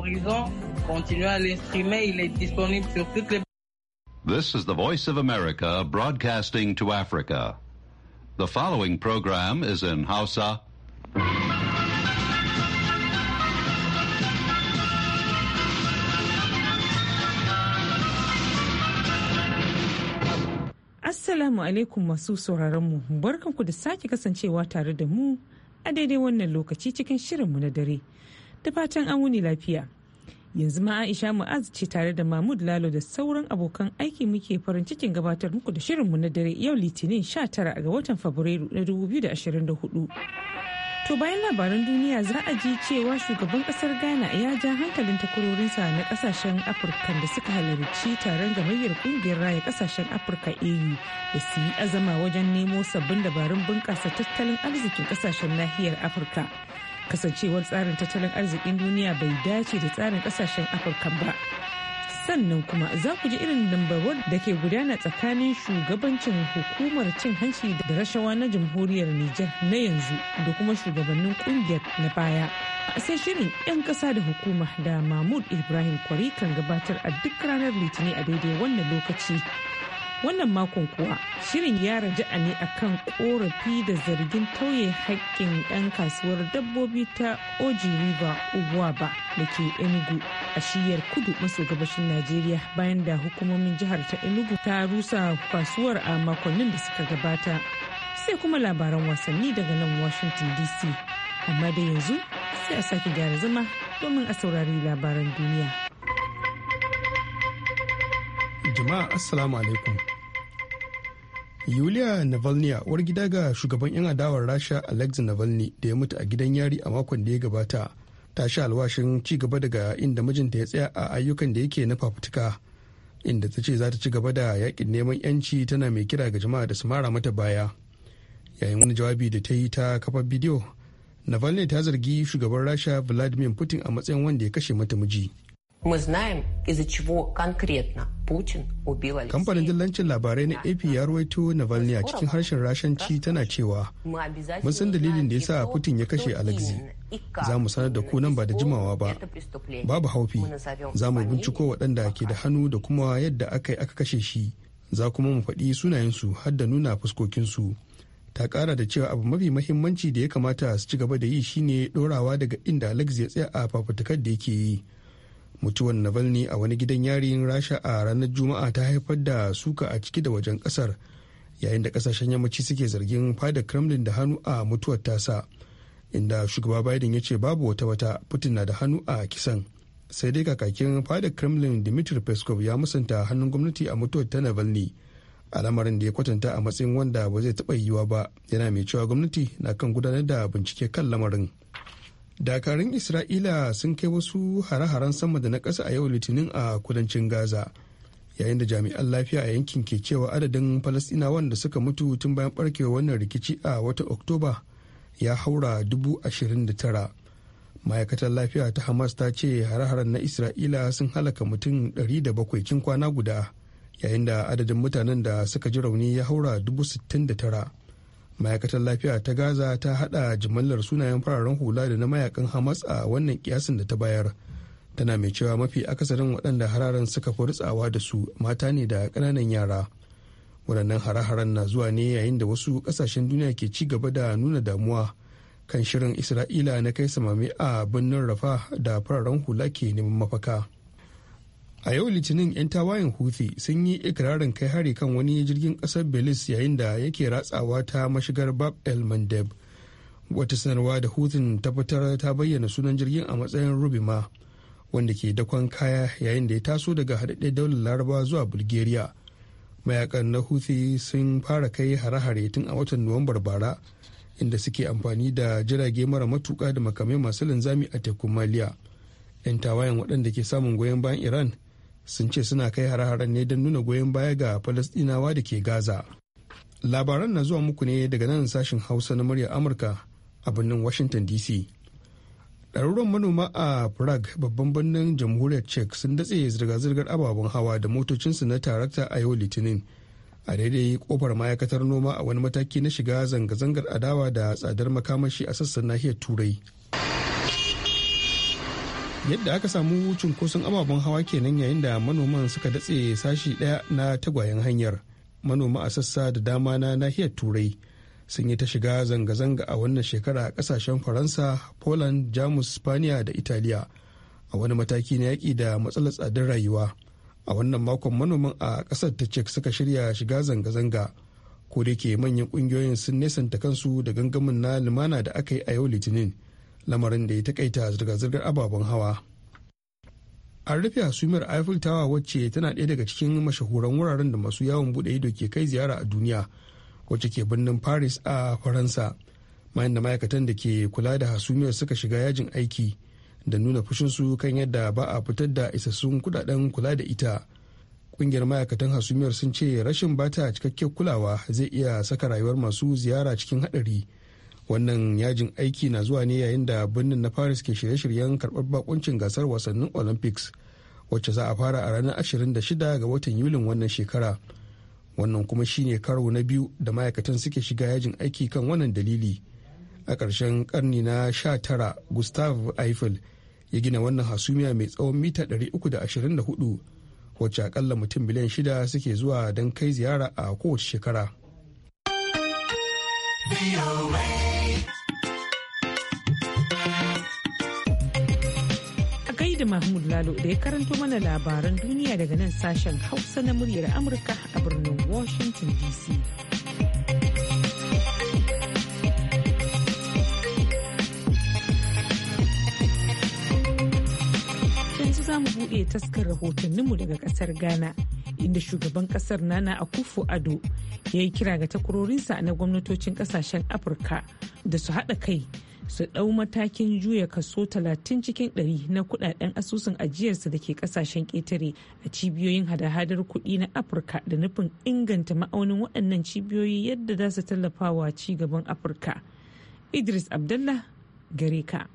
Horizon. Continuez à les il est disponible sur toutes les This is the Voice of America broadcasting to Africa. The following program is in Hausa. Assalamu alaikum masu sauraronmu, barkanku da sake kasancewa tare da mu a daidai wannan lokaci cikin shirinmu na dare. da fatan an wuni lafiya yanzu ma aisha mu'az ce tare da mahmud lalo da sauran abokan aiki muke farin cikin gabatar muku da shirin mu na dare yau litinin 19 ga watan fabrairu na 2024 to bayan labaran duniya za a ji cewa shugaban kasar ghana ya ja hankalin takwarorinsa na kasashen afirka da suka halarci taron gamayyar kungiyar raya kasashen afirka au da su yi azama wajen nemo sabbin dabarun bunƙasa tattalin arzikin kasashen nahiyar afirka kasancewar tsarin tattalin arzikin duniya bai dace da tsarin kasashen afirka ba sannan kuma za ku ji irin lambarwar da ke gudana tsakanin shugabancin hukumar cin hanci da rashawa na jamhuriyar nijar na yanzu da kuma shugabannin kungiyar na baya sai shirin 'yan kasa da hukuma da mahmud ibrahim kwari kan gabatar a duk ranar litinin a daidai wannan lokaci wannan makon kuwa shirin ya raja'a ne a kan korafi da zargin tauye haƙƙin 'yan kasuwar dabbobi ta oji river ba da ke enugu a shiyar kudu maso gabashin najeriya bayan da hukumomin jihar ta enugu ta rusa kasuwar a makonnin da suka gabata sai kuma labaran wasanni daga nan washington dc amma da yanzu sai a sake gyara zama domin a saurari labaran duniya jama'a assalamu alaikum Yulia Navalny war gida ga shugaban 'yan adawar Rasha Alexei Navalny da ya mutu a gidan yari a makon da ya gabata. Ta sha alwashin ci gaba daga inda mijinta ya tsaya a ayyukan da yake na fafutuka. Inda ta ce za ta ci gaba da yakin neman 'yanci tana mai kira ga jama'a da su mara mata baya. Yayin wani jawabi da ta yi ta kafa bidiyo, Navalny ta zargi shugaban Rasha Vladimir Putin a matsayin wanda ya kashe mata miji. Мы знаем, из-за чего конкретно Путин убил Алексея. Kamfanin dillancin labarai na AP ya ruwaito Navalny a cikin harshen Rashanci tana cewa mun san dalilin da ya sa Putin ya kashe Alexei. Za mu sanar da ku ba da jimawa ba. Babu haufi. Za mu binciko waɗanda ke da hannu da kuma yadda aka yi aka kashe shi. Za kuma mu faɗi sunayensu har da nuna fuskokinsu. Ta ƙara da cewa abu mafi mahimmanci da ya kamata su ci gaba da yi shine ɗorawa daga inda alexi ya tsaya a fafutukar da yake yi. mutuwan navalny a wani gidan yarin rasha a ranar juma'a ta haifar da suka a ciki da wajen kasar yayin da kasashen yammaci suke zargin fada kremlin da hannu a mutuwar tasa inda shugaba biden ya ce babu wata wata putin na da hannu a kisan sai dai kakakin fada kremlin dmitry peskov ya musanta hannun gwamnati a mutuwar ta navalny al'amarin da ya kwatanta a matsayin wanda ba zai taɓa yiwuwa ba yana mai cewa gwamnati na kan gudanar da bincike kan lamarin dakarun isra'ila sun kai wasu hare-haren sama da na ƙasa a yau litinin a kudancin gaza yayin da jami'an lafiya a yankin ke cewa adadin falastinawan da suka mutu tun bayan barkewa wannan rikici a watan oktoba ya haura dubu ashirin da tara ma'aikatar lafiya ta hamas ta ce hare-haren na isra'ila sun halaka mutum ɗari da bakwai kwana guda yayin da adadin mutanen da suka ji rauni ya haura dubu sittin da tara ma'aikatar lafiya ta gaza ta hada jimallar sunayen fararen hula da na mayakan hamas a wannan kiyasin da ta bayar tana mai cewa mafi akasarin waɗanda hararen suka fi ritsawa da su mata ne da ƙananan yara waɗannan hare-haren na zuwa ne yayin da wasu ƙasashen duniya ke ci gaba da nuna damuwa kan shirin isra'ila na kai samami a birnin rafa da fararen hula ke neman mafaka a yau litinin 'yan tawayen houthi sun yi ikirarin kai hari kan wani jirgin kasar belize yayin da yake ratsawa ta mashigar bab el mandeb wata sanarwa da hutun ta ta bayyana sunan jirgin a matsayin rubima wanda ke dakon kaya yayin da ya taso daga haɗaɗɗen daular laraba zuwa bulgaria mayakan na houthi sun fara kai hare-hare tun a watan nuwambar bara inda suke amfani da jirage mara matuka da makamai masu linzami a tekun maliya 'yan tawayen waɗanda ke samun goyon bayan iran sun ce suna kai har haren ne don nuna goyon baya ga falasɗinawa da ke gaza labaran na zuwa muku ne daga nan sashen hausa na muryar amurka a birnin washington dc ɗaruran manoma a prague babban birnin jamhuriyar czech sun datse zirga-zirgar ababen hawa da motocinsu na tarakta a yau litinin a daidai kofar ma'aikatar noma a wani mataki na shiga zanga-zangar adawa da tsadar makamashi a sassan nahiyar turai yadda aka samu cunkoson ababen hawa kenan yayin da manoman suka datse sashi ɗaya na tagwayen hanyar manoma a sassa da dama na nahiyar turai sun yi ta shiga zanga-zanga a wannan shekara a kasashen faransa poland jamus spaniya da italiya a wani mataki na yaƙi da matsalar tsadar rayuwa a wannan makon manoman a ƙasar ta cek suka shirya shiga zanga-zanga ko da ke manyan ƙungiyoyin sun nesanta kansu da gangamin na lumana da aka yi a yau litinin lamarin da ya takaita zirga-zirgar ababen hawa an rufe hasumiyar eiffel tower wacce tana ɗaya daga cikin mashahuran wuraren da masu yawon buɗe ido ke kai ziyara a duniya wacce ke birnin paris a faransa Mayan da ma'aikatan da ke kula da hasumiyar suka shiga yajin aiki da nuna fushin su kan yadda ba a fitar da isassun kudaden kula da ita kungiyar ma'aikatan hasumiyar sun ce rashin bata cikakken kulawa zai iya saka rayuwar masu ziyara cikin haɗari wannan yajin aiki na zuwa ne yayin da birnin na paris ke shirye-shiryen karɓar bakuncin gasar wasannin olympics wacce za a fara a ranar 26 ga watan yulin wannan shekara wannan kuma shine karo na biyu da ma'aikatan suke shiga yajin aiki kan wannan dalili a ƙarshen karni na 19 gustav eiffel ya gina wannan hasumiya mai tsawon mita 324 wacce akalla mutum miliyan shida suke zuwa don kai ziyara a kowace shekara. Hamidu Mahmud Lalo da ya karanto mana labaran duniya daga nan sashen Hausa na muryar Amurka a birnin Washington DC. Yanzu za mu buɗe taskar rahotanninmu daga ƙasar Ghana. inda shugaban kasar nana akufo ado ya yi kira ga takwarorinsa na gwamnatocin kasashen afirka da su haɗa kai su ɗau matakin juya kaso 30 cikin 100 na kudaden asusun ajiyarsa da ke kasashen ƙetare a cibiyoyin hada-hadar kuɗi na afirka da nufin inganta ma'aunin waɗannan cibiyoyi yadda za su tallafa wa gaban afirka idris abdallah gare ka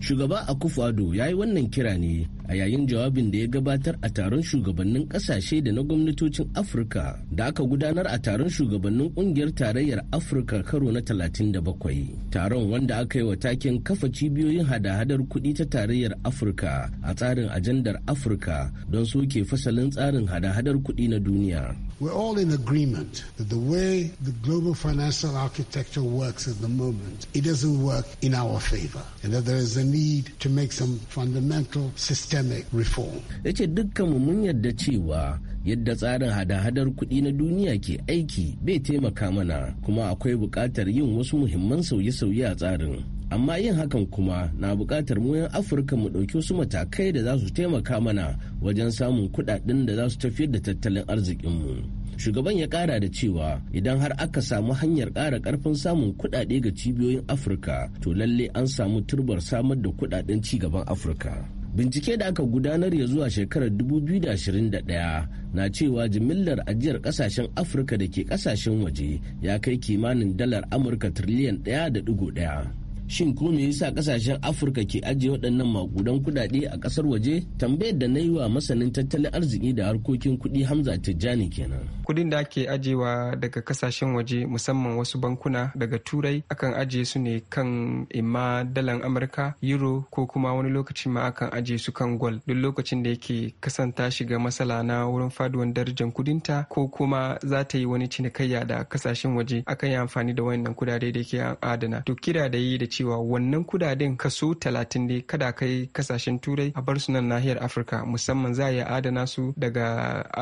Shugaba Akufo-Addo ya yi wannan kira ne a yayin jawabin da ya gabatar a taron shugabannin kasashe da na gwamnatocin Afirka da aka gudanar a taron shugabannin kungiyar tarayyar Afirka karo na 37. Taron wanda aka yi wa taken kafa cibiyoyin hada-hadar kuɗi ta tarayyar Afirka a tsarin ajandar Afirka don soke fasalin tsarin hada-hadar kuɗi na duniya. We're all in agreement that the way the global financial architecture works at the moment, it doesn't work in our favor, and that there is a need to make some fundamental systemic reform. yadda tsarin hada-hadar kuɗi na duniya ke aiki bai taimaka mana kuma akwai buƙatar yin wasu muhimman sauye-sauye a tsarin. amma yin hakan kuma na bukatar muyan afirka mu ɗauki wasu matakai da za su taimaka mana wajen samun kudaden da za su tafiyar da tattalin arzikinmu shugaban ya kara da cewa idan har aka samu hanyar kara karfin samun kudade ga cibiyoyin afirka to lalle an samu turbar samar da kudaden ci gaban afirka bincike da aka gudanar ya zuwa shekarar 2021 na cewa jimillar ajiyar kasashen afirka da ke kasashen waje ya kai kimanin dalar amurka triliyan 1.1 shin ko me yasa kasashen afirka ke ajiye waɗannan makudan kuɗaɗe a ƙasar waje tambayar da na yi wa masanin tattalin arziki da harkokin kuɗi hamza tijjani kenan kuɗin da ake ajiyewa daga kasashen waje musamman wasu bankuna daga turai akan ajiye su ne kan imma dalan amurka euro ko kuma wani lokacin ma akan ajiye su kan gwal duk lokacin da yake kasanta shiga matsala na wurin faduwan darajar kudinta ko kuma za ta yi wani cinikayya da kasashen waje akan yi amfani da wayannan kudade da ke adana to kira da yi da cewa wannan kudaden kaso talatin ne kada kai kasashen turai a bar su nan nahiyar afirka musamman za a iya adana su daga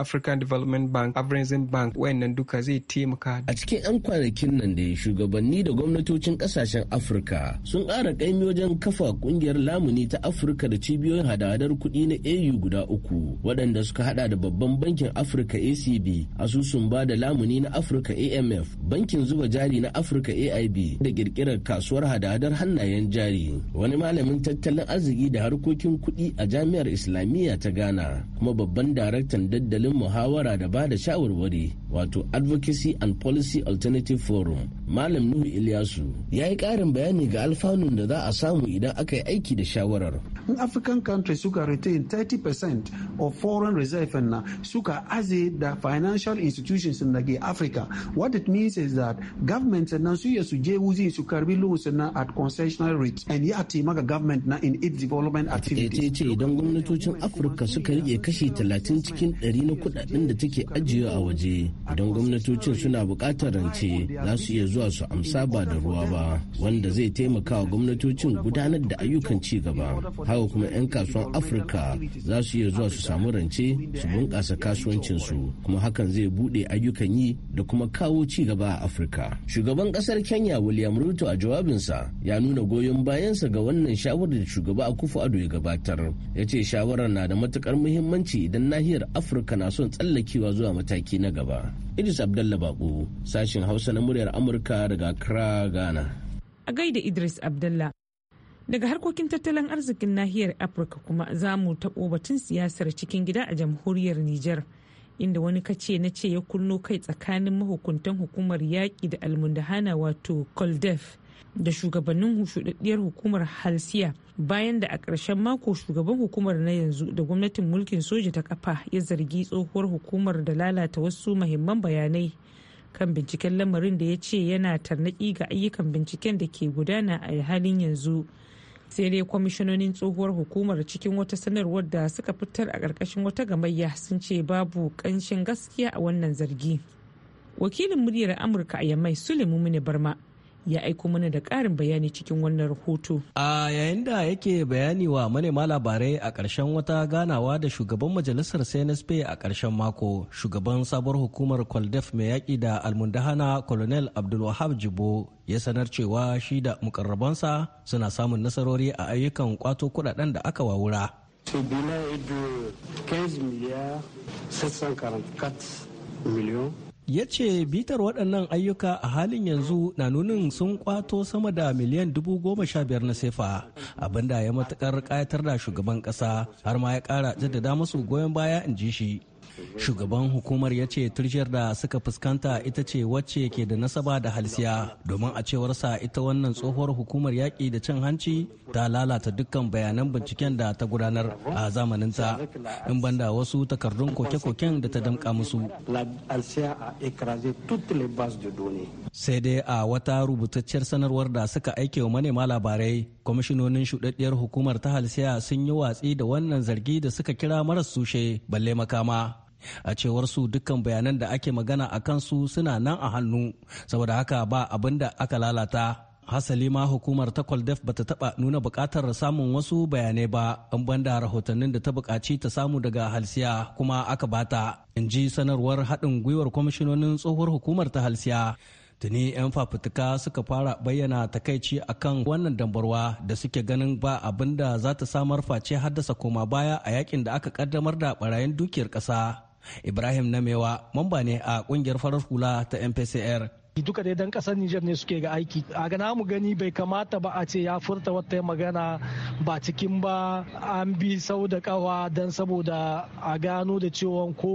african development bank afrinzin bank wayannan duka zai taimaka a cikin 'yan kwanakin nan da shugabanni da gwamnatocin kasashen afirka sun kara kaimi wajen kafa ƙungiyar lamuni ta afirka da cibiyoyin hadadar kudi kuɗi na au guda uku waɗanda suka hada da babban bankin afirka acb asusun ba da lamuni na afirka amf bankin zuba jari na afirka aib da ƙirƙirar kasuwar hada tsadar hannayen jari wani malamin tattalin arziki da harkokin kuɗi a jami'ar islamiyya ta ghana kuma babban daraktan daddalin muhawara da ba da shawarwari wato advocacy and policy alternative forum Malam Nuhu Ilyasu ya yi ƙarin bayani ga alfanun da za a samu idan aka yi aiki da shawarar. In African countries suka retain 30% of foreign reserve na suka aze da financial institutions na ke Africa. What it means is that government na su ya su je wuzi su karbi loans na at concessional rates and ya taimaka government na in its development activities. ce idan gwamnatocin Afirka suka rike kashi 30 cikin 100 na kudaden da take ajiye a waje idan gwamnatocin suna bukatar rance za su iya zuwa zuwa su amsa ba da ruwa ba wanda zai taimaka wa gwamnatocin gudanar da ayyukan ci gaba haka kuma 'yan kasuwan afirka za su iya zuwa su samu rance su bunƙasa kasuwancinsu kuma hakan zai buɗe ayyukan yi da kuma kawo ci gaba a afirka shugaban ƙasar kenya william ruto a jawabinsa ya nuna goyon bayansa ga wannan shawarar da shugaba akufo ado ya gabatar ya ce shawarar na da matukar muhimmanci idan nahiyar afirka na son tsallakewa zuwa mataki na gaba idris abdallah bako sashin hausa na muryar amurka Amurka daga Accra, Ghana. A gaida Idris Abdullah. Daga harkokin tattalin arzikin nahiyar Afirka kuma za mu taɓo batun siyasar cikin gida a jamhuriyar Nijar. Inda wani kace na ce ya kullo kai tsakanin mahukuntan hukumar yaƙi da almundahana wato Koldef da shugabannin shuɗaɗɗiyar hukumar Halsiya bayan da a ƙarshen mako shugaban hukumar na yanzu da gwamnatin mulkin soja ta ƙafa ya zargi tsohuwar hukumar da lalata wasu mahimman bayanai kan binciken lamarin da ya ce yana tarnaki ga ayyukan binciken da ke gudana a halin yanzu sai dai kwamishinonin tsohuwar hukumar cikin wata sanarwar da suka fitar a ƙarƙashin wata gamayya sun ce babu ƙanshin gaskiya a wannan zargi wakilin muryar amurka a yamai suleiman barma ya aiko mana da ƙarin bayani cikin wannan rahoto. A yayin da yake bayani wa manema labarai a ƙarshen wata ganawa da shugaban majalisar CNSP a ƙarshen mako, shugaban sabuwar hukumar Kwaldef mai yaƙi da almundahana Colonel Abdulwahab Jibo ya sanar cewa shi da mukarrabansa suna samun nasarori a ayyukan kwato kuɗaɗen da aka wawura. Tribunal 15 miliyar 644 miliyan ya ce bitar waɗannan ayyuka a halin yanzu na nunin sun kwato sama da miliyan dubu goma sha biyar na sefa abinda ya matukar kayatar da shugaban ƙasa har ma ya ƙara jaddada masu goyon baya in ji shi shugaban hukumar ya ce turjiyar da suka fuskanta ita ce wacce ke da nasaba da halsiya domin a cewar sa ita wannan tsohuwar hukumar yaƙi da cin hanci ta lalata dukkan bayanan binciken da ta gudanar a zamaninta in banda wasu takardun koke-koken da ta damƙa musu sai dai a wata rubutacciyar sanarwar da suka aike wa manema labarai kwamishinonin shuɗaɗɗiyar hukumar ta halsiya sun yi watsi da wannan zargi da suka kira maras sushe balle makama a cewar su dukkan bayanan da ake magana a kansu suna nan a hannu saboda haka ba abin da aka lalata hasali ma hukumar ta kwaldef ba ta taba nuna bukatar samun wasu bayanai ba an banda rahotannin da ta bukaci ta samu daga halsiya kuma aka bata in ji sanarwar haɗin gwiwar kwamishinonin tsohuwar hukumar ta halsiya tuni 'yan fafutuka suka fara bayyana takaici akan wannan dambarwa da suke ganin ba abinda da za ta samar face haddasa koma baya a yakin da aka kaddamar da barayin dukiyar ƙasa Ibrahim Namewa mamba ne a kungiyar farar hula ta MPCR duka dai dan kasar Nijar ne suke ga aiki a gana mu gani bai kamata ba a ce ya furta wata magana ba cikin ba an bi sau da kawa dan saboda a gano da cewa ko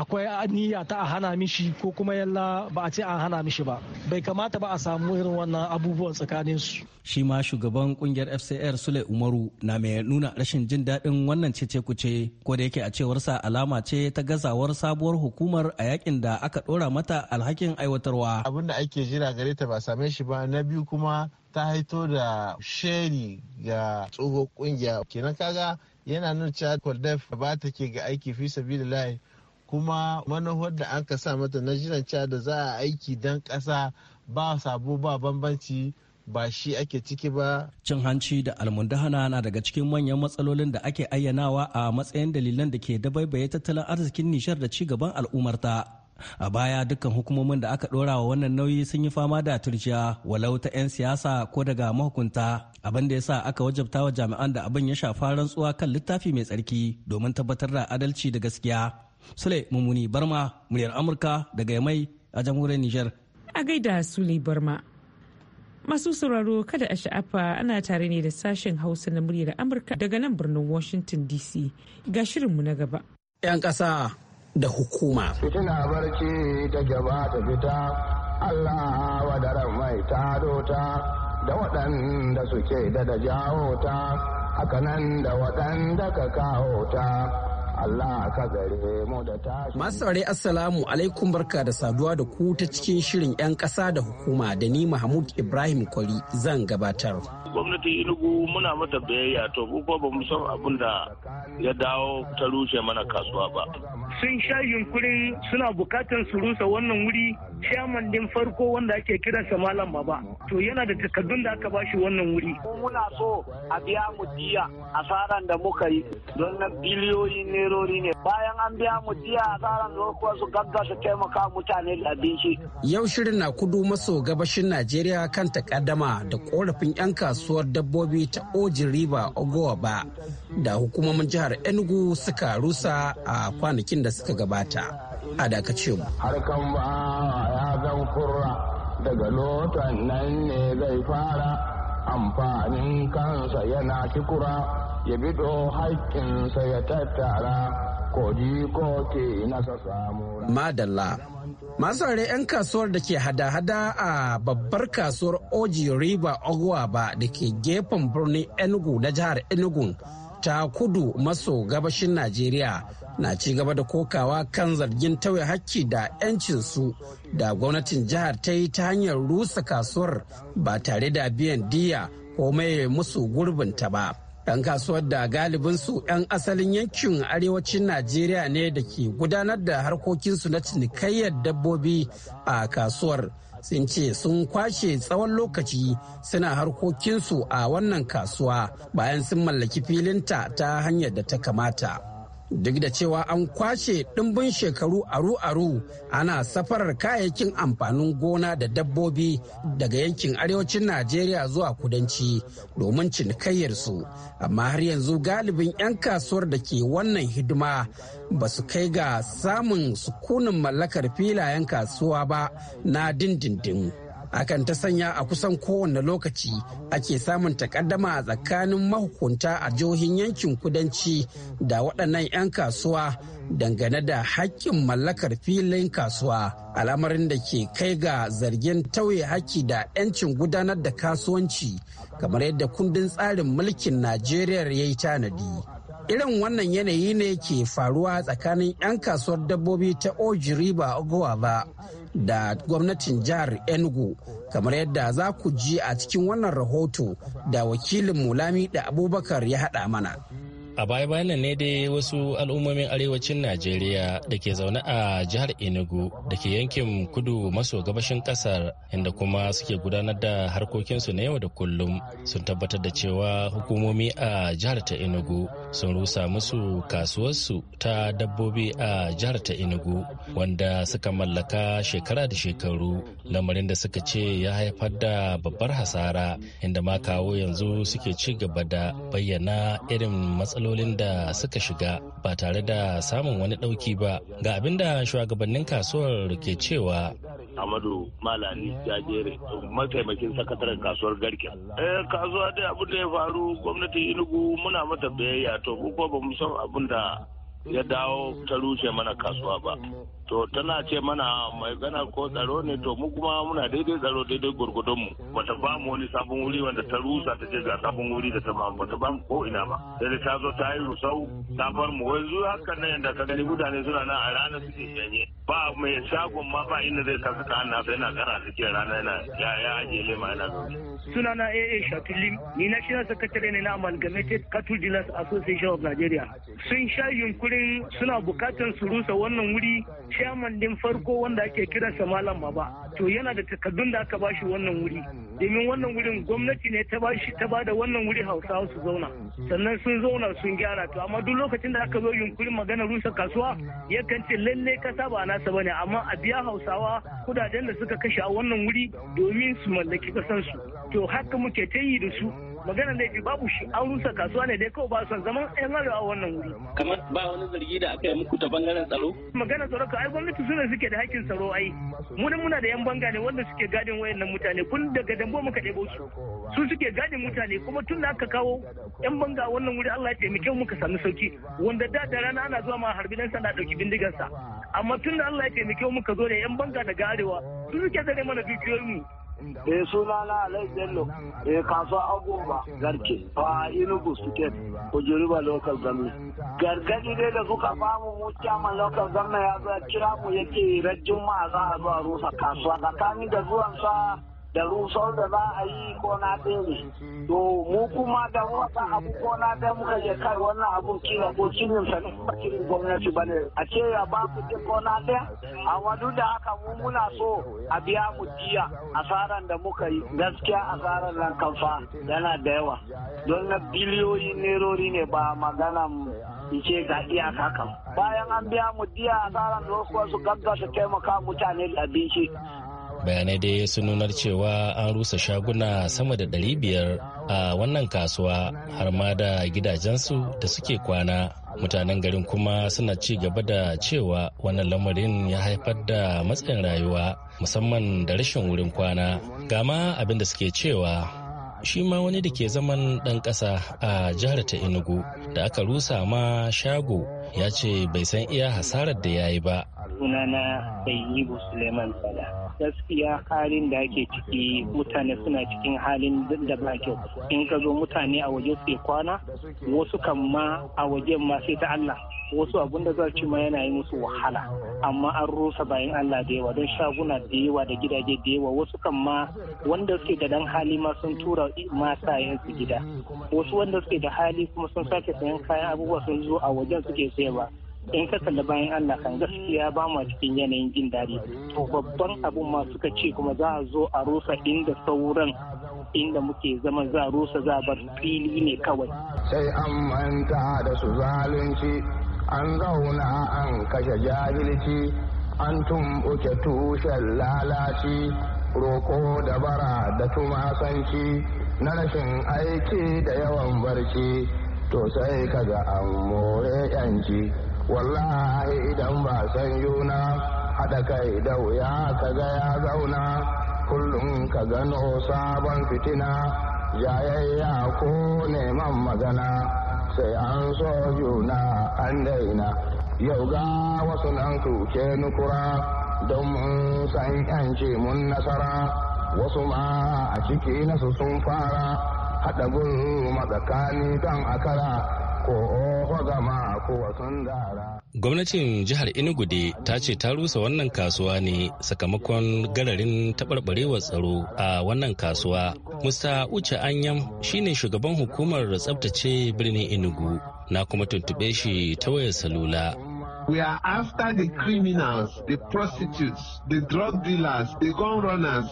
akwai niyya ta a hana mishi ko kuma yalla ba a ce an hana mishi ba bai kamata ba a samu irin wannan abubuwan tsakanin su shi ma shugaban kungiyar FCR Sule Umaru na mai nuna rashin jin daɗin wannan cece kuce ko da yake a cewarsa alama ce ta gazawar sabuwar hukumar a yakin da aka ɗora mata alhakin aiwatarwa abin da ake jira gare ta ba same shi ba na biyu kuma ta haito da sheri ga tsoho kungiya kenan kaga yana nuna cewa kwaldef ba ta ke ga aiki fi sabilillahi kuma manohar da an ka sa mata na jiran cewa da za a aiki don kasa ba sabo ba bambanci ba shi ake ciki ba. Cin hanci da almundahana na daga cikin manyan matsalolin da ake ayyanawa a matsayin dalilan da ke dabaibaye tattalin arzikin nishar da ci gaban al'ummarta. a baya dukkan hukumomin da aka ɗora wa wannan nauyi sun yi fama da turjiya walau ta 'yan siyasa ko daga mahukunta abin da ya sa aka wajabta wa jami'an da abin ya shafa rantsuwa kan littafi mai tsarki domin tabbatar da adalci da gaskiya sule mummuni barma muryar amurka daga yamai a jamhuriyar niger a gaida sule barma masu sauraro kada a sha'afa ana tare ne da sashen hausa na muryar amurka daga nan birnin washington dc ga shirinmu na gaba 'yan ƙasa da hukuma. Fitina barci ta gaba ta fita, Allah wadaran mai ta da waɗanda suke da da jawo ta, hakanan da waɗanda ka kawo ta. Allah ka gare mu da tashi. Masu saurari Assalamu alaikum barka da saduwa da ku ta cikin shirin 'yan ƙasa da hukuma da ni Mahmud Ibrahim Kwari zan gabatar. Gwamnati inugu muna mata biyayya to ko ba mu san abin da ya dawo ta rushe mana kasuwa ba. sun sha yunkurin suna bukatar su rusa wannan wuri shaman din farko wanda ake sa malam baba to yana da takardun da aka bashi wannan wuri muna so a biya mu diya asaran da muka yi don na biliyoyin nerori ne bayan an biya mu diya asaran da kuwa su gagga su taimaka mutane da abinci yau shirin na kudu maso gabashin najeriya kan takaddama da korafin yan kasuwar dabbobi ta ojin riba ogowa ba da hukumomin jihar enugu suka rusa a kwanakin da suka gabata a dakace mu harkan ba ya zan kurra daga lotan nan ne zai fara amfanin kansa yana kikura ya bido haƙƙinsa ya tattara koji ko ke nasa samu madalla masare 'yan kasuwar da ke hada-hada a babbar kasuwar oji river ogwa ba da ke gefen birnin enugu na jihar enugu ta kudu maso gabashin najeriya na ci gaba da kokawa kan zargin tauye hakki da yancin su da gwamnatin jihar ta yi ta hanyar rusa kasuwar ba tare da biyan diya ko mai musu ta ba. 'yan kasuwar da galibinsu 'yan asalin yankin arewacin najeriya ne da ke gudanar da harkokinsu na cinikayyar dabbobi a kasuwar sun ce sun kwashe tsawon lokaci suna harkokinsu a wannan kasuwa bayan sun mallaki filinta ta hanyar da ta kamata. duk da cewa an kwashe ɗimbin shekaru aru-aru ana safarar kayayyakin amfanin gona da dabbobi daga yankin arewacin najeriya zuwa kudanci domin cinikayyarsu amma har yanzu galibin 'yan kasuwar da ke wannan hidima ba su kai ga samun sukunin mallakar filayen kasuwa ba na dindindin. hakan ta sanya a kusan kowane lokaci ake samun takaddama a tsakanin mahukunta a jihohin yankin kudanci da waɗannan 'yan kasuwa dangane da haƙƙin mallakar filin kasuwa al'amarin da ke kai ga zargin tauye haƙƙi da 'yancin gudanar da kasuwanci kamar yadda kundin tsarin mulkin najeriya ya yi tanadi irin wannan yanayi ne ke faruwa tsakanin 'yan kasuwar dabbobi ta oji riba ba da gwamnatin jihar enugu kamar yadda za ku ji a cikin wannan rahoto da wakilin mulami da abubakar ya haɗa mana A baya-bayan ne dai wasu al'ummomin arewacin Najeriya da ke zaune a jihar Enugu da ke yankin kudu maso gabashin kasar inda kuma suke gudanar da harkokinsu na yau da kullum sun tabbatar da cewa hukumomi a jihar ta Enugu sun rusa musu kasuwarsu ta dabbobi a jihar ta Enugu wanda suka mallaka shekara da shekaru lamarin da suka ce ya haifar da babbar hasara inda ma kawo yanzu suke ci gaba da bayyana irin matsalolin matsalolin da suka shiga ba tare da samun wani ɗauki ba ga abin da shugabannin kasuwar ke cewa amadu malami jajere mataimakin sakataren kasuwar Garki. eh kasuwa dai abin da ya faru gwamnatin inugu muna mata biyayya to ko ba mu san abin da ya dawo ta rushe mana kasuwa ba to tana ce mana ah, mai gana ko tsaro ne to mu kuma muna daidai tsaro daidai gurgudun mu bata ba mu wani sabon wuri wanda ta rusa ta ce ga sabon wuri da ta ba mu bata ba mu ko ina ba sai ta zo ta yi rusau ta bar mu wai zuwa hakan nan yanda ka gani mutane suna nan a ranar suke ganye ba mai shagon ma ba inda zai kasu ka na sai na gara suke rana yana ya ya ajiye lema yana suna na AA Shafilim ni na shi sakatare ne na Amalgamated Cattle Dealers Association of Nigeria sun sha yunkuri halin suna bukatar su rusa wannan wuri shaman din farko wanda ake kiransa malam ba to yana da takardun da aka bashi wannan wuri domin wannan wurin gwamnati ne ta bashi ta bada wannan wuri hausawa su zauna sannan sun zauna sun gyara to amma duk lokacin da aka zo yunkurin magana rusa kasuwa yakan ce lalle kasa ba nasa bane amma a biya hausawa kudaden da suka kashe a wannan wuri domin su mallaki kasansu to haka muke ta yi da su magana laifi babu shi an rusa kasuwa ne dai kawai ba son zaman yan a wannan wuri kamar ba wani zargi da aka yi muku ta bangaren tsaro magana tsaro ka ai gwamnati suna suke da hakkin tsaro ai mu muna da yan banga ne wanda suke gadin wayannan mutane kun daga dambo muka ɗebo su su suke gadin mutane kuma tun da aka kawo yan banga a wannan wuri Allah ya taimake mu muka sami sauki wanda da da rana ana zuwa ma harbi dan sanda dauki bindigar sa amma tun da Allah ya taimake mu muka zo da yan banga daga arewa su suke zare mana dukiyoyin mu eh suna na alai bello eh kasuwa agoba garke a inugu state kujuriba local government gargadi dai da suka bamu mu chairman local government ya zo kira mu yake rajin ma za a zuwa rusa kasuwa tsakanin da zuwan sa da rusau da za a yi ko na ɗaya to mu kuma da wata abu ko na ɗaya muka je kai wannan abun kila ko cinin sa ne ba cinin gwamnati ba ne a ce ya ba ku ko na ɗaya a wadu da haka mu muna so a biya mu jiya asaran da muka yi gaskiya asaran nan kamfa yana da yawa don na biliyoyin nerori ne ba magana in ce ga iyaka kan bayan an biya mu diya asaran da wasu gaggasa taimaka mutane da abinci bayanai dai sun nunar cewa an rusa shaguna sama da ɗari biyar a wannan kasuwa har ma da gidajensu da suke kwana mutanen garin kuma suna ci gaba da cewa wannan lamarin ya haifar da matsayin rayuwa musamman da rashin wurin kwana gama abin da suke cewa shi ma wani da ke zaman ɗan ƙasa a jihar ta enugu da aka rusa ma shago ya ce bai san iya hasarar da ya yi ba sunana Sayyibu Suleiman Sala. Gaskiya halin da ake ciki mutane suna cikin halin da ba kyau. In ka zo mutane a waje su kwana, wasu kan ma a wajen ma sai ta Allah. Wasu abun da za ma yana yi musu wahala. Amma an rusa bayan Allah da yawa don shaguna da yawa da gidaje da yawa wasu kan ma wanda suke da dan hali ma sun tura masa su gida. Wasu wanda suke da hali kuma sun sake sayan kayan abubuwa sun zo a wajen suke sayarwa. in ka kalli bayan Allah kan gaskiya ba mu cikin yanayin jin daɗi to babban abun ma suka ce kuma za a zo a rusa inda sauran inda muke zama za a rusa za a bar fili ne kawai sai an manta da su zalunci an zauna an kashe jahilci an tumɓuke tushen lalaci roko da bara da tumasanci na rashin aiki da yawan barci to sai kaga an more yanci wallahi idan ba san yuna haɗa kai da wuya ka ga ya zauna kullum ka gano sabon fitina jayayya ko neman magana sai an so juna an daina yau ga wasu nan tuke nukura don mun san yanci mun nasara wasu ma a ciki nasu sun fara haɗa gulu matsakani don akara Gwamnatin jihar Enugu de ta ce ta rusa wannan kasuwa ne sakamakon gararin taɓarɓarewar tsaro a wannan kasuwa. Musa Uche Anyam shine shugaban hukumar tsabtace birnin Enugu na kuma tuntuɓe shi ta wayar salula. We are after the criminals, the prostitutes, the drug dealers, the gun runners,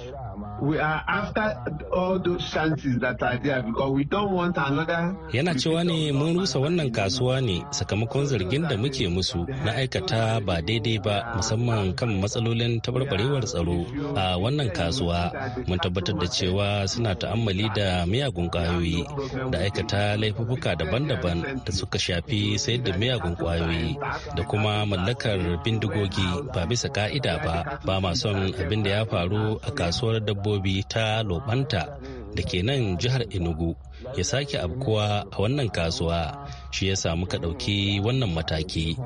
yana cewa ne mun rusa wannan kasuwa ne sakamakon zargin da muke musu na aikata ba daidai ba musamman kan matsalolin tabarbarewar tsaro a wannan kasuwa mun tabbatar da cewa suna ta'ammali da miyagun kwayoyi da aikata laifuka daban-daban da suka shafi sayar da miyagun kwayoyi da kuma mallakar bindigogi ba bisa ka'ida ba ba ma son abin da ya faru a kasuwar dabbobi dabbobi ta lobanta da ke nan jihar enugu ya sake abkuwa a wannan kasuwa shi samu ka ɗauki wannan mataki.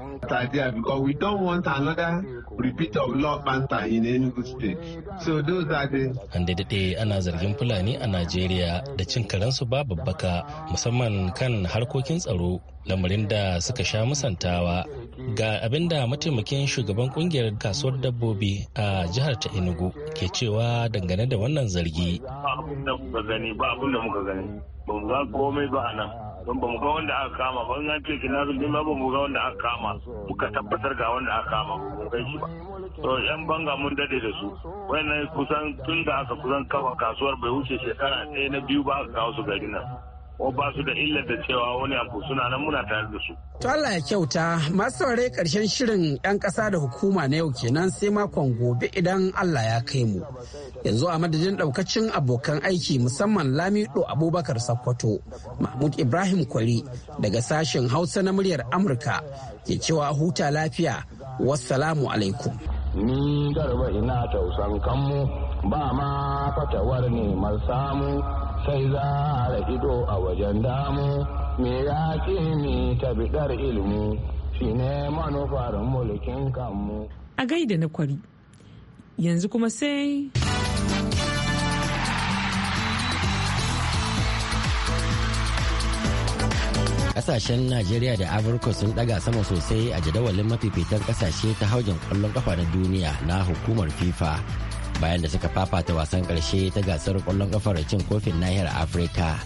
An daɗe ana zargin Fulani a Najeriya da cin karensu ba babbaka musamman kan harkokin tsaro lamarin da suka sha musantawa ga abin da mataimakin shugaban kungiyar kasuwar dabbobi a jihar ta enugu ke cewa dangane da wannan zargi ba abin da muka gani ba abin ba a nan don bamu ga wanda aka kama ba an ce kina zo ba bamu ga wanda aka kama muka tabbatar ga wanda aka kama ko kai shi ba to yan banga mun dade da su wannan kusan tun da aka kusan kafa kasuwar bai wuce shekara ɗaya na biyu ba aka kawo su garin nan ko ba su da illar da cewa wani abu suna nan muna tare da su. To Allah ya kyauta masu saurare karshen shirin 'yan ƙasa da hukuma na yau kenan sai makon gobe idan Allah ya kai mu. Yanzu a madadin ɗaukacin abokan aiki musamman Lamido Abubakar Sakkwato, Mahmud Ibrahim Kwari daga sashen Hausa na muryar Amurka ke cewa huta lafiya. Wassalamu alaikum. Ni garba ina tausan kanmu ba ma fatawar ne samu sai za a ido a wajen damu me ya ni ta bidar ilimi ne manufar mulkin kanmu a gaida na kwari yanzu kuma sai kasashen najeriya da amurka sun daga sama sosai a jadawalin mafifitan kasashe ta haujin kwallon kafa na duniya na hukumar fifa bayan da suka fafata wasan karshe ta gasar kwallon kafar cin kofin nahiyar afirka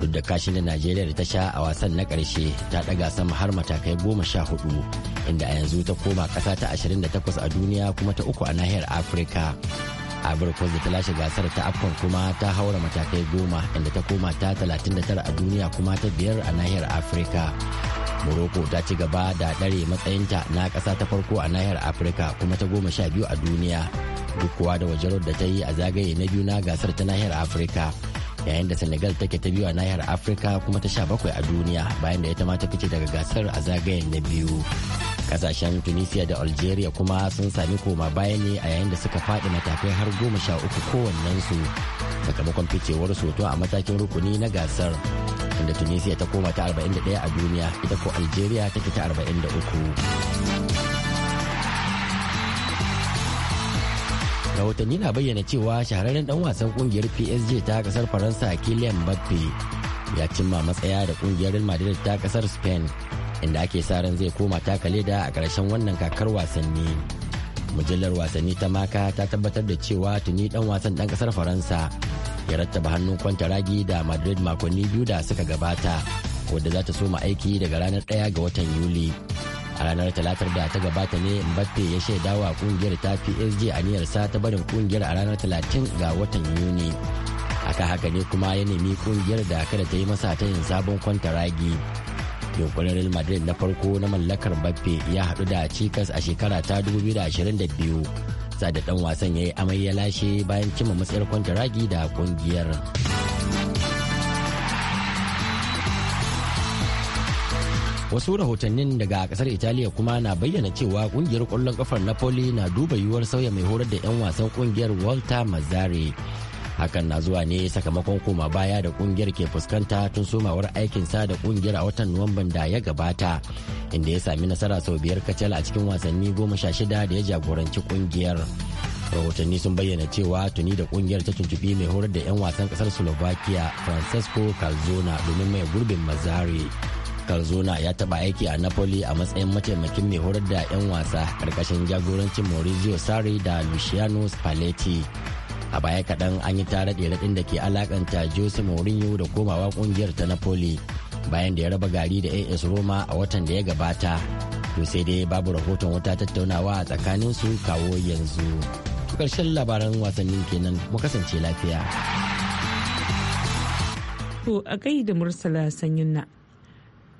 duk da kashin da najeriya da ta sha a wasan na karshe ta daga sama har matakai goma sha hudu inda a yanzu ta koma kasa ta takwas a duniya kuma ta uku a nahiyar afirka abir da ta lashe gasar ta afcon kuma ta haura matakai goma inda ta koma ta tara a duniya kuma ta biyar a nahiyar afirka morocco ta ci gaba da ɗare matsayinta na kasa ta farko a nahiyar afirka kuma ta goma sha biyu a duniya duk kuwa da wajen da ta yi a zagaye na biyu na gasar ta nahiyar afirka yayin da senegal take ta biyu a nahiyar afirka kuma ta sha bakwai a duniya bayan da ita ma ta fice daga gasar a zagayen na biyu kasashen tunisia da algeria kuma sun sami koma baya ne a yayin da suka faɗi matakai har goma sha uku kowannensu sakamakon ficewar soto a matakin rukuni na gasar inda tunisia ta koma ta 41 a duniya ita ko algeria take ta arba'in da uku. rahotanni na bayyana cewa shahararren dan wasan kungiyar psg ta kasar faransa kilian mbappe ya cimma matsaya da kungiyar real madrid ta kasar spain inda ake sa ran zai koma taka leda a karshen wannan kakar wasanni mujallar wasanni ta maka ta tabbatar da cewa tuni dan wasan dan kasar faransa ya rattaba hannun kwanta ragi da madrid makonni biyu da suka gabata wadda za ta soma aiki daga ranar 1 ga watan yuli a ranar talatar da ta gabata ne mbappe ya shaidawa kungiyar ta psg aniyarsa ta barin kungiyar a ranar talatin ga watan yuni aka haka ne kuma ya nemi kungiyar da kada ta yi masa ta yin sabon kwantaragi yunkurin real madrid na farko na mallakar mbappe ya hadu da cikas a shekara ta 2022 sa da dan wasan ya yi amai ya lashe bayan cimma matsayar kwantaragi da kungiyar. wasu rahotannin daga kasar italiya kuma na bayyana cewa kungiyar kwallon kafar napoli na duba yiwuwar sauya mai horar da 'yan wasan kungiyar walter mazari hakan na zuwa ne sakamakon koma baya da kungiyar ke fuskanta tun somawar aikinsa da kungiyar a watan nuwamban da ya gabata inda ya sami nasara sau biyar kacal a cikin wasanni goma sha shida da ya jagoranci kungiyar rahotanni sun bayyana cewa tuni da kungiyar ta tuntubi mai horar da 'yan wasan kasar slovakia francesco calzona domin mai gurbin mazari Carzola ya taba aiki a Napoli a matsayin mataimakin mai horar da 'yan wasa karkashin jagorancin Maurizio Sarri da Luciano Spalletti. A baya kaɗan an yi tare raɗin da ke alakanta Jose Mourinho da komawa ƙungiyar ta Napoli bayan da ya raba gari da AS Roma a watan da ya gabata. To sai dai babu rahoton wata tattaunawa a tsakaninsu kawo yanzu. Karshen labaran wasannin kenan mu kasance lafiya. To a gaida Mursala Sanyin na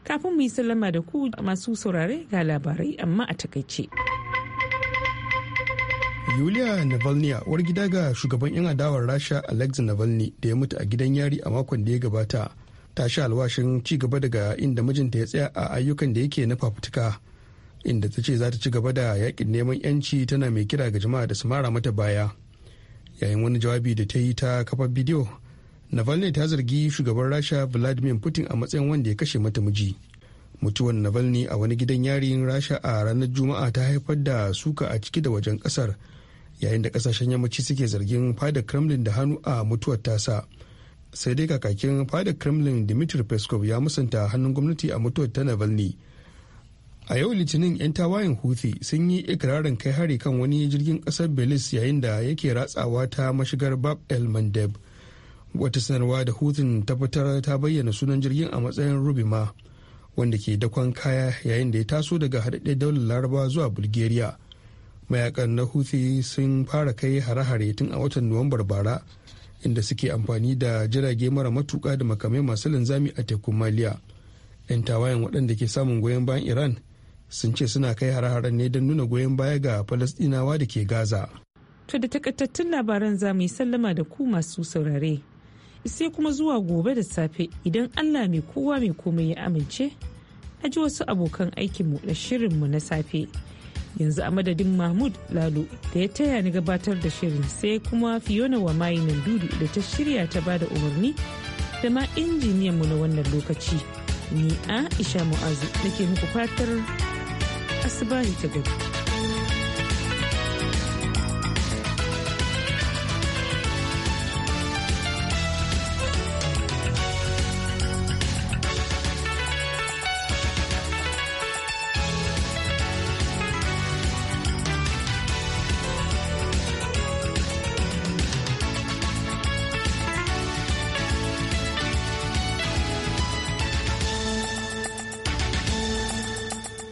Kafin mu yi sallama da ku masu saurare ga labarai amma a takaice. Yulia Navalny uwar gida ga shugaban 'yan adawar Rasha Alexei Navalny da ya mutu a gidan yari a makon da ya gabata ta sha alwashin ci gaba daga inda mijinta ya tsaya a ayyukan da yake na fafutuka inda ta ce za ta ci gaba da yakin neman 'yanci tana mai kira ga jama'a da su mara mata baya. Yayin wani jawabi da ta yi ta kafar bidiyo navalny ta zargi shugaban rasha vladimir putin a matsayin wanda ya kashe mata miji mutuwar navalny a wani gidan yarin rasha a ranar juma'a ta haifar da suka a ciki da wajen kasar yayin da kasashen yammaci suke zargin fadar kremlin da hannu a mutuwar tasa sai dai kakakin fadar kremlin dmitry peskov ya musanta hannun gwamnati a mutuwar ta navalny a yau litinin 'yan tawayen huthi sun yi ikirarin kai hari kan wani jirgin kasar belize yayin da yake ratsawa ta mashigar bab el mandeb wata sanarwa da hutun tabbatar ta bayyana sunan jirgin a matsayin rubima wanda ke dakon kaya yayin da ya taso daga haɗaɗɗen daular laraba zuwa bulgaria mayakan na huthi sun fara kai hare-hare tun a watan nuwambar bara inda suke amfani da jirage mara matuka da makamai masu linzami a tekun maliya 'yan tawayen waɗanda ke samun goyon bayan iran sun ce suna kai hare-haren ne don nuna goyon baya ga falasɗinawa da ke gaza To da takaitattun labaran zamu yi sallama da ku masu saurare. sai kuma zuwa gobe da safe idan allah mai kowa mai komai ya amince a ji wasu abokan aikinmu da shirinmu na safe yanzu a madadin mahmud lalu da ya taya ni gabatar da shirin sai kuma fiona wa mayinan dudu da ta shirya ta bada umarni da ma injiniyanmu na wannan lokaci ni aisha mu'azu nake muku fatar asibari ta gari